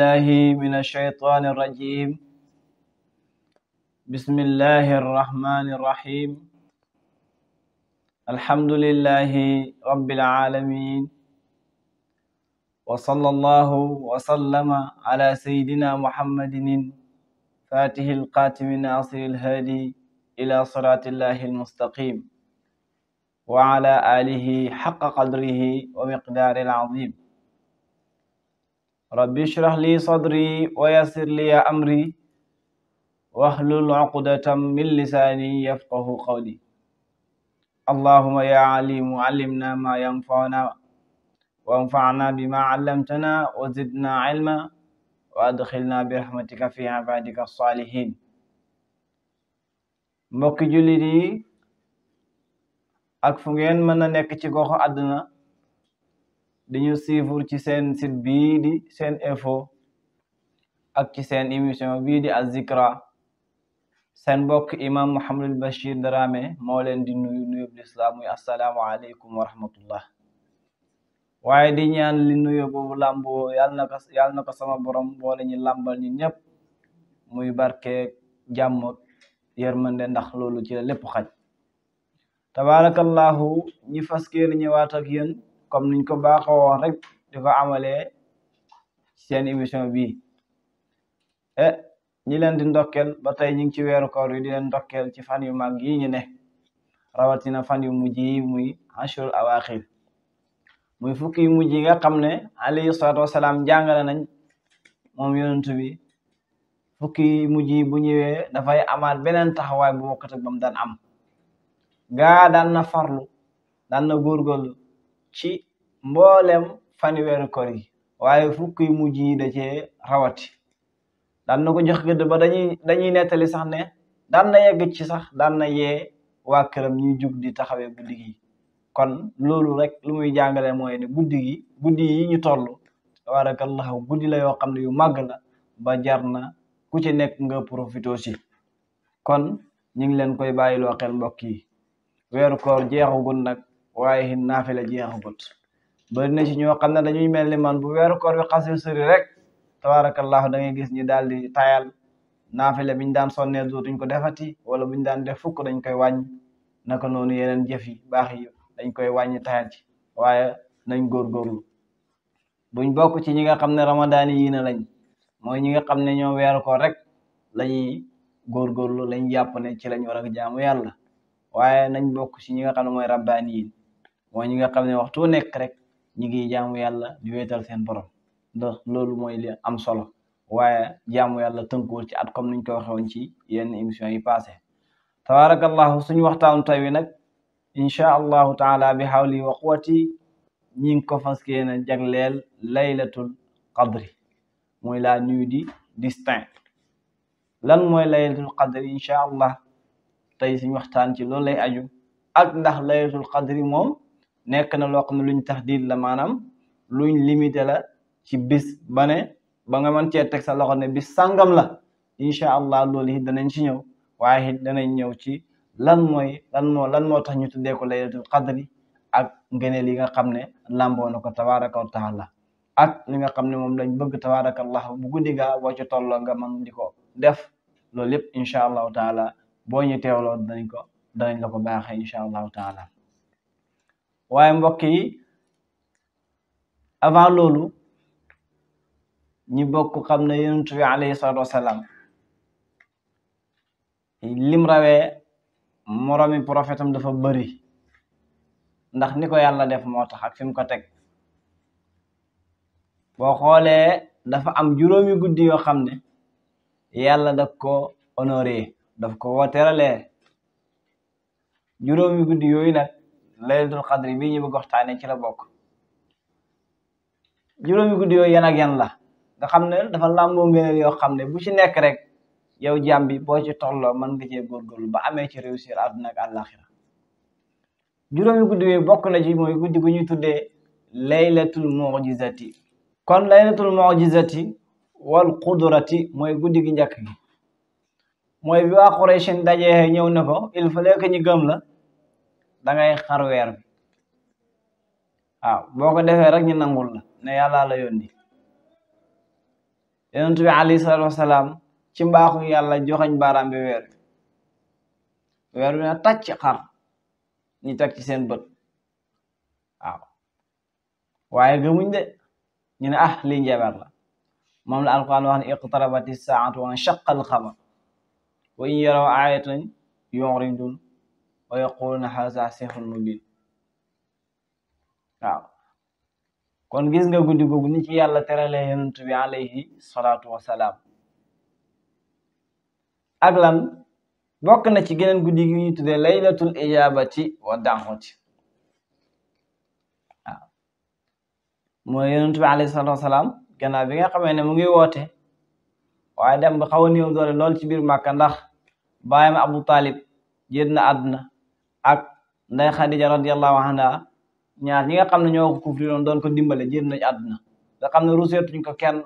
بالله من الشيطان الرجيم بسم الله الرحمن الرحيم الحمد لله رب العالمين وصلى الله وسلم على سيدنا محمد فاته القاتم الناصر الهادي إلى صراط الله المستقيم وعلى آله حق قدره ومقدار العظيم rabbi ishrah li sadri wa yassir li amri wahlul uqdatan min lisani yafqahu qawli allahumma ya alimu allimna ma yanfa'una wa anfa'na bima 'allamtana wa zidna 'ilma wa adkhilna bi rahmatika fi 'ibadika as-salihin mbokki jullit yi ak fu ngeen mën a nekk ci goxu àdduna dañu suivre ci seen sit bii di seen info ak ci seen émission bii di Azikra seen mbokk imam Mouhamadul Bachir Darame moo leen di nuyu nuyub lislaam muy assalaamu aleykum wa rahmatullah waaye di ñaan li nuyu boobu làmboo yàlla na ko sama borom boole ñu làmbal ñu ñëpp muy barke jàmm yërmande ndax loolu ci lépp xaj tabarakallahu ñi fas yéene ñëwaat ak comme niñ ko baaxoo woon rek di ko amalee seen émission bi e ñi leen di ndokkel ba tey ñu ngi ci weeru koor yi di leen ndokkel ci fan yu mag yi ñu ne rawatina fan yu mujj yi muy ashurul awaaxir muy fukki yu mujj yi nga xam ne alayhi salaatu wasalaam jàngale nañ moom yonent bi fukki yu mujj yi bu ñëwee dafay amaat beneen taxawaay bu bokkut ak ba mu daan am gaa daan na farlu daan na góorgóorlu ci mboolem fanweeri koor yi waaye fukki mujj yi da cee rawati daan na ko jox gëdd ba dañuy dañuy nettali sax ne daan na yegg ci sax daan na yee waa këram ñuy jug di taxawee guddi gi kon loolu rek lu muy jàngale mooy ne guddi gi guddi yi ñu toll tabarakallahu guddi la yoo xam ne yu màgg la ba jar na ku ci nekk nga profito si kon ñu ngi leen koy bàyyiloo xel mbokk yi weeru koor jeexagul nag waaye xin naafila jeexagut bari na ci ñoo xam na dañuy mel ni man bu weeru koor bi rek tabarakallahu da ngay gis ñi daal di tayal naafila biñ daan sonnee dootuñ ko defati wala buñ daan def fukk dañ koy wàññi naka noonu yeneen jëf yi baax yi dañ koy wàññi tayal ci waaye nañ góorgóorlu buñ bokk ci ñi nga xam ne ramadaani yii na lañ mooy ñi nga xam ne ñoom weeru koor rek lañuy góorgóorlu lañ jàpp ne ci lañ war a jaamu yàlla waaye nañ bokk ci ñi nga xam mooy rabbaani yi mooy ñi nga xam ne waxtu nekk rek ñi ngi jaamu yàlla di wéetal seen borom loolu mooy li am solo waaye jaamu yàlla tënkuwul ci at comme niñ ko waxee woon ci yenn émission yi passé tabaarakallahu suñu waxtaanu tey wi nag incha allahu taala bi hawli wa quwati ñi ngi ko fas yéene jagleel laylatul qadri mooy la nuit du destin lan mooy laylatul qadri incha allah tey suñu waxtaan ci loolu lay aju ak ndax laylatul qadri moom nekk na loo xam ne luñ taxdiid la maanaam luñ limité la ci bis bane ba nga man cee teg sa loxo ne bis sangam la incha allah loolu it danañ ci ñëw waaye it danañ ñëw ci lan mooy lan moo lan moo tax ñu tuddee ko laylatul qadri ak ngëneel li nga xam ne làmboo na ko tabaraka wa taala ak li nga xam ne moom lañ bëgg tabaraka allah bu guddi gaa boo ci tolloo nga mën di ko def loolu yëpp incha allahu taala boo ñu teewloo danañ ko danañ la ko baaxee incha allahu taala waaye mbokk yi avant loolu ñi bokk xam ne yonent bi alayhi salaatu wasalaam lim rawee moromi prophète dafa bëri ndax ni ko yàlla def moo tax ak ko teg boo xoolee dafa am juróomi guddi yoo xam ne yàlla daf ko honoré daf ko wooteralee juróomi guddi yooyu nag laylatul qadri bii ñu bëgg waxtaane ci la bokk juróomi guddi yooyu yan yan la nga xam ne dafa làmboo ngëneel yoo xam ne bu ci nekk rek yow jàmm boo ci tolloo mën nga cee góorgóorlu ba amee ci réussir àdduna ak àllaaxira juróomi guddi yooyu bokk na ci mooy guddi gu ñuy tuddee laylatul mu'jizati kon laylatul mu'jizati wal qudrati mooy guddi gi njëkk gi mooy bi waa Quraysh dajee ñëw ne ko il fallait que ñu gëm la da ngay xar weer bi waaw boo ko defee rek ñu nangul la ne yàlla la yónni yonent bi alayhi ci mbaaxu yàlla joxañ baaraam bi weer bi weer bi na tàcc xar ñu teg ci seen bët waaw waaye gëmuñ de ñu ne ah lii njabar la moom la alquran wax ne iqtarabati saatu wa shaqa alxamar wa in yaraw aayatan yuridun wa yaquluuna haazaa sihrun mubiin waaw kon gis nga guddi googu ni ci yàlla teralee yonent bi alayhi salaatu wasalaam ak lan bokk na ci geneen guddi gi ñu tuddee laylatul ijaabati wa daawati waaw mooy yonent bi alayhi salaatu wasalaam gannaaw bi nga xamee ne mu ngi woote waaye dem ba xaw a néew doole ci biir Màkka ndax baayam Abu Talib génn na àdduna ak nday Xadija radiyallahu anha ñaar ñi nga xam ne ñoo ko kufriroon doon ko dimbale jéem nañ àdduna nga xam ne ruseetuñ ko kenn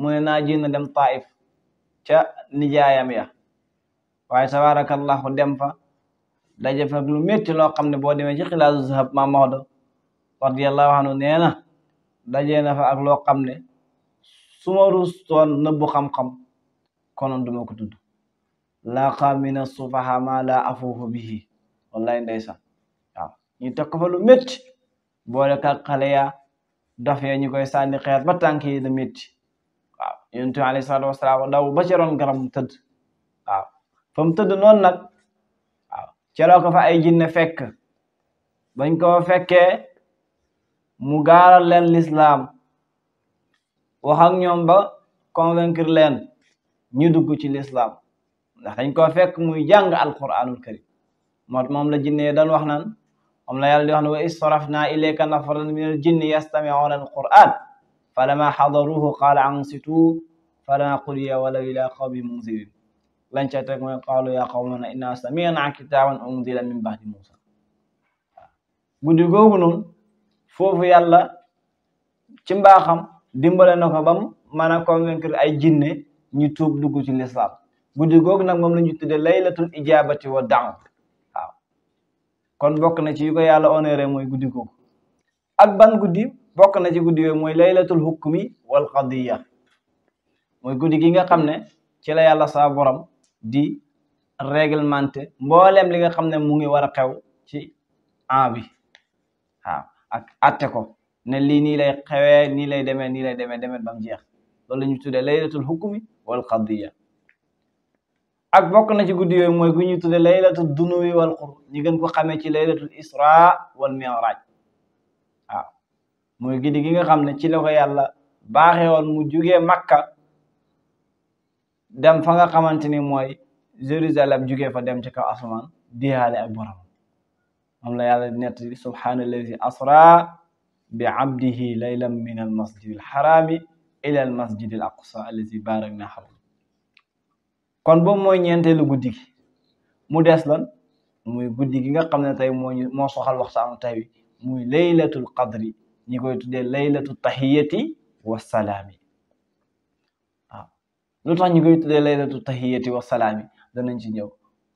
mu ne naa jéem na dem Taif ca nijaayam ya waaye tabarakallahu dem fa daje fa lu métti loo xam ne boo demee ci xilaasu zahab ma Maodo radiyallahu anhu nee na dajee na fa ak loo xam ne su ma ruustoon nëbbu xam-xam konoon duma ko tudd laqa min as-sufaha ma la bihi wallaay ndeysaan waaw ñu teg fa lu métti boole ka xale ya dof ñu koy sànni xeer ba tànk yi da métti waaw yonent salaatu wasalaam daw ba ca roon mu tëdd waaw tëdd noon nag waaw celoo ko fa ay jinne fekk bañ koo fekkee mu gaaral leen lislaam wax ak ñoom ba convaincre leen ñu dugg ci lislaam ndax dañ ko fekk muy jàng alquranul karim moo moom la jinne daan wax naan moom la yàlla di wax ne wa istarafna ilayka nafaran min al jinni yastami'una al quran falama xadaruhu qaala ansitu falama qudiya walaw ila qawmi munzirin lañ ca teg mooy qaalu ya qawmana inna sami'na kitaaban unzila min ba'di musa guddi googu noonu foofu yàlla ci mbaaxam dimbale na ko bam mën a convaincre ay jinne ñu tuub dugg ci lislaam guddi googu nag moom la ñu tudde laylatul ijabati wa da'wa kon bokk na ci yu ko yàlla mooy guddi googu ak ban guddi bokk na ci guddi yooyu mooy laylatul hukmi wal qadiya mooy guddi ki nga xam ne ci la yàlla saa borom di réglementé mboolem li nga xam ne mu ngi war a xew ci bi ak atte ko ne lii nii lay xewee nii lay demee nii lay demee demet bam jeex loolu la ñu tuddee laylatul hukmi wal qadiya ak bokk na ci guddi yooyu mooy gu ñu tudde laylatul dunuwi wal xuru ñi gën ko xamee ci laylatul isra wal mi'raj waaw mooy guddi gi nga xam ne ci la ko yàlla baaxee woon mu jugee makka dem fa nga xamante ni mooy Jérusalem jugee fa dem ci kaw asamaan diyaale ak borom moom la yàlla nett subhaanallazi asra bi abdihi laylan min al masjid al harami ila al masjid al aqsa allazi barakna hawla kon boobu mooy ñeenteelu guddi gi mu des lan muy guddi gi nga xam ne tey moo ñu moo soxal waxtaanu tey muy laylatul qadri ñi koy tuddee laylatu tahiyati wa salaami waaw lu tax ñi koy tuddee laylatu tahiyati wa salaami danañ ci ñëw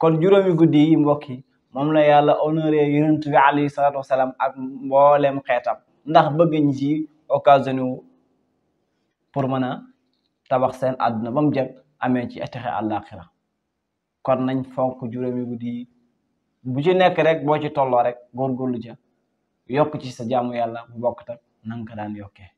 kon juróomi guddi yi mbokk yi moom la yàlla honoré yonent bi alayhi salaatu wasalaam ak mboolem xeetam ndax bëgg ñi ci occasion pour mën a tabax seen àdduna bam mu amee ci texe àllaaxira kon nañ fonk juróomi guddi bu ci nekk rek boo ci tolloo rek góorgóorlu ca yokk ci sa jaamu yàlla bu bokk tak nanga ko daan yokkee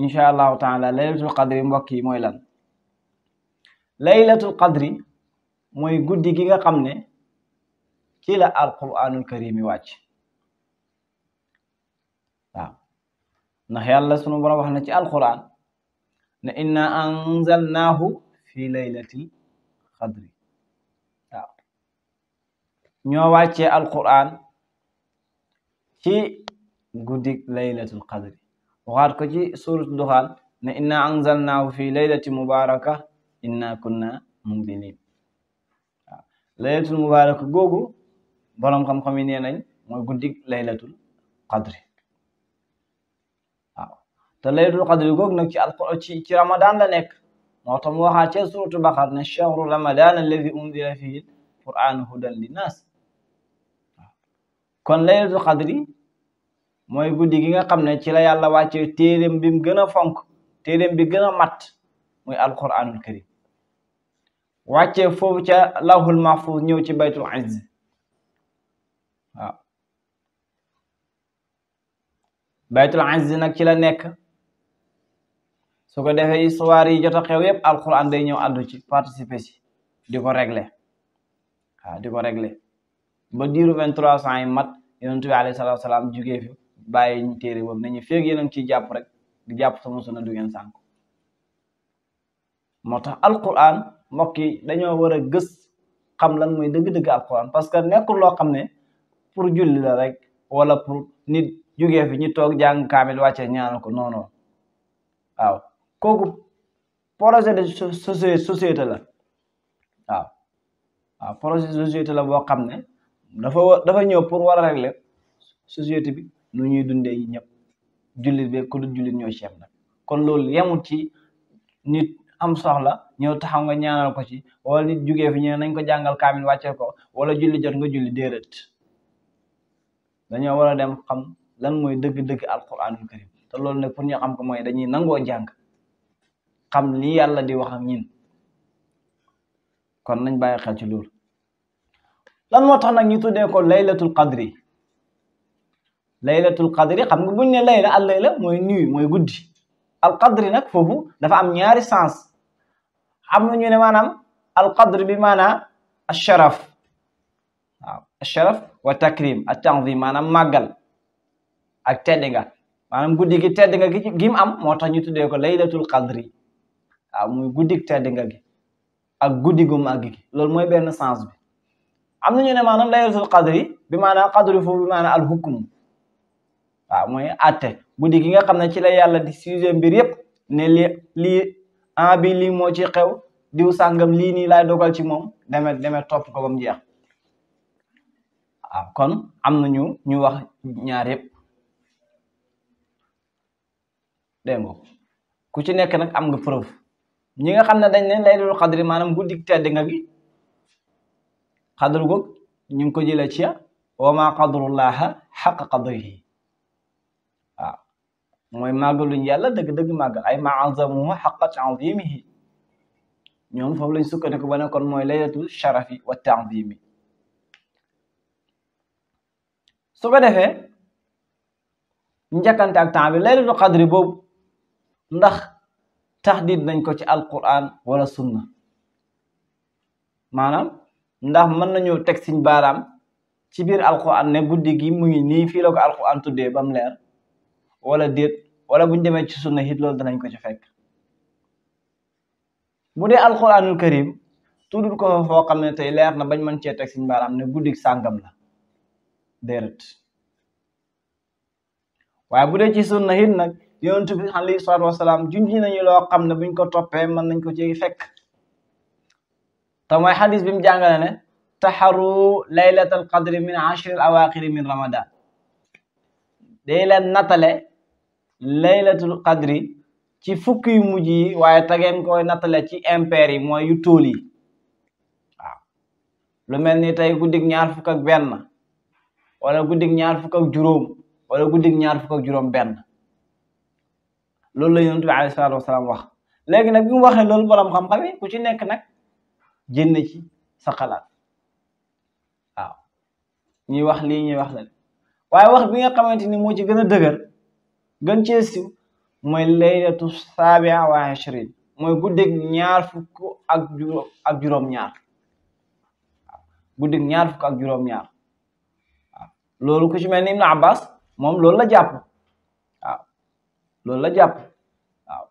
incha allahu taala laylatul qadri mbokk yi mooy lan laylatul qadri mooy guddi gi nga xam ne ci la alquranul karim yi wàcc waaw ndax yàlla sunu borom wax na ci alquran ne inna anzalnaahu fi laylatil xadri waaw ñoo wàccee alquran ci guddig laylatul qadri waxaat ko ci surat duxaan ne inna anzalnaahu fi laylati mubaraka inna kunna mundilin waaw laylatul mubaraka googu boroom xam-xam yi nee nañ mooy guddig laylatul qadri te laylatul qadri goog nag ci alquraan ci ci ramadan la nekk moo tax mu waxaat ci suratu baqara ne chahru ramadan alladi unzila fihi alquraan linnaas kon laylatul qadri mooy guddi gi nga xam ne ci la yàlla wàcce téeréem bi mu gën a fonk téeréem bi gën a mat muy alquraanul karim wàcce foofu ca lawhul mahfuz ñëw ci baytul izz waaw baytul izz nag ci la nekk su ko defee histoire yi jot a xew yëpp day ñëw àddu ci participer ci di ko régler di ko régler ba diiru vingt trois cent yi mat yonent bi alayhi salaatu salaam jugee fi bàyyi ñu téere boobu nañu feeg yéen a ngi ciy jàpp rek di jàpp sama sunna du ngeen moo tax alquran mbokk yi dañoo war a gës xam lan mooy dëgg-dëgg alquran parce que nekkul loo xam ne pour julli la rek wala pour nit jugee fi ñu toog jàng kaamil wàcce ñaanal ko non waaw kooku projet de société la waaw waaw projet de société la boo xam ne dafa dafa ñëw pour war a le société bi nu ñuy dundee ñëpp jullit bi ku dul jullit ñoo ceeb nag kon loolu yemu ci nit am soxla ñëw taxaw nga ñaanal ko ci wala nit jugee fi ñu nañ ko jàngal kaamil wàcceel ko wala julli jot nga julli déedéet dañoo war a dem xam lan mooy dëgg-dëgg alquranul karim te loolu nag pour ñu xam ko mooy dañuy nangoo jàng xam lii yàlla di wax ak kon nañ bàyyi xel ci loolu lan moo tax nag ñu dee ko laylatul qadri laylatul qadri xam nga buñ ne layla al layla mooy nuit mooy guddi al qadri nag foofu dafa am ñaari sens am na ñu ne maanaam al qadri bi maanaam asharaf waaw asharaf wa takrim ak tanzim maanaam màggal ak tedd nga maanaam guddi gi tedd nga gi mu am moo tax ñu tuddee ko laylatul qadri waaw muy guddik tedd nga gi ak guddi gu màgg gi loolu mooy benn sens bi am na ñu ne maanaam laylatul qadri bi maanaam qadri foofu bi maanaam al hukm waaw mooy atte guddi gi nga xam ne ci la yàlla di sujet mbir yëpp ne li lii an bi lii moo ci xew diw sàngam lii nii laay dogal ci moom demet demet top ko ba mu jeex waaw kon am na ñu ñu wax ñaar yëpp dégg ku ci nekk nag am nga preuve ñi nga xam ne dañ ne laylatul xadri maanaam guddi tedd nga gi xadru goog ñu ngi ko jëlee ci wa maa qadrullaaha xaq qadrihi waaw mooy màggaluñ yàlla dëgg-dëgg màggal ay ma azamuhu xaqa taazimihi ñoom foofu lañ sukkandiku ba ne kon mooy laylatul sharafi wa taazimi su ko defee njakkante ak temps bi laylatul xadri boobu ndax taxdiid nañ ko ci alquran wala sunna maanaam ndax mën nañu teg siñ baaraam ci biir alquran ne guddi gi mu ngi nii fii la ko alquran tuddee ba mu leer wala déet wala buñ demee ci sunna it lool danañ ko ci fekk bu dee alquranul karim tuddul ko fa foo xam ne tey leer na bañ mën cee teg siñ baaraam ne guddi sàngam la déedéet waaye bu dee ci sunna it nag yonent bi alayhi salaatu wasalaam junji nañu loo xam ne buñ ko toppee mën nañ ko ci fekk te mooy xadis bi mu jàngale ne taxaru laylat al qadri min ashri al awaqiri min ramadan day leen nattale laylatul qadri ci fukki yu mujj yi waaye tageen koy nattale ci impair yi mooy yu tóol yi lu mel ni tey guddig ñaar fukk ak benn wala guddig ñaar fukk juróom wala guddig ñaar fukk juróom benn loolu la yonent bi alayhi salaatu wasalaam wax léegi nag bi mu waxee loolu borom xam-xam yi ku ci nekk nag génne ci sa xalaat waaw ñuy wax lii ñuy wax la waaye wax bi nga xamante ni moo ci gën a dëgër gën cee siiw mooy laylatu saabia wa ashrin mooy guddeeg ñaar fukk ak juróom ñaar waaw guddeeg ñaar fukk ak juróom-ñaar loolu ku ci mel ni Ibn Abbas moom loolu la jàpp. loolu la jàpp waaw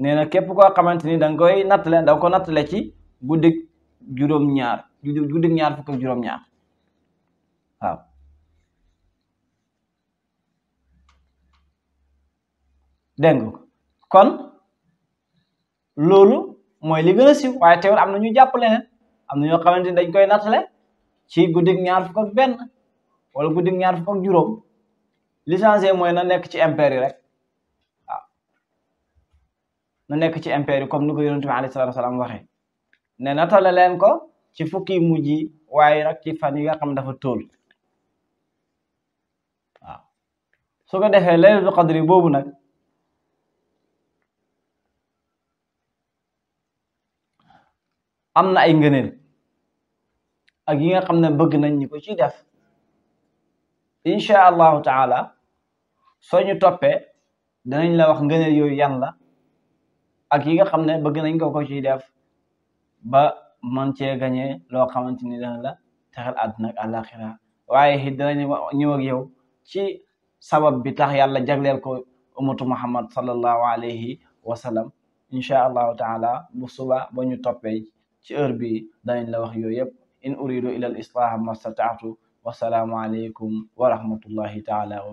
nee na képp ko xamante ni da nga koy nattale da nga ko nattale ci guddig juróom-ñaar guddig ñaar fukk ak juróom-ñaar waaw kon loolu mooy li gën siiw waaye teewul am na ñu jàpp leneen am na ñoo xamante ni dañ koy nattale ci guddig ñaar fukk ak wala guddig ñaar fukk juróom li mooy na nekk ci impair rek waaw na nekk ci impair yi comme ni ko yonent bi alayhi salaatu wasalaam leen ko ci fukki mujj yi waaye nag ci fan yi nga xam dafa tool waaw su ko defee laylatul qadri boobu nag am na ay ngeneen ak yi nga xam ne bëgg nañ ñi ko ci def incha allahu taala soo ñu toppee danañ la wax ngëneel yooyu yan la ak yi nga xam ne bëgg nañ ko ko ciy ba man cee gañee loo xamante ni dana la texel àdduna ak waaye it danañ ñëw ak yow ci sabab bi tax yàlla jagleel ko umatu muhammad sallallahu alayhi wa sallam incha allahu taala bu suba ba ñu toppee ci heure bi danañ la wax yooyu yëpp in uridu ila al ma stataatu wasalaamu alaykum wa taala wa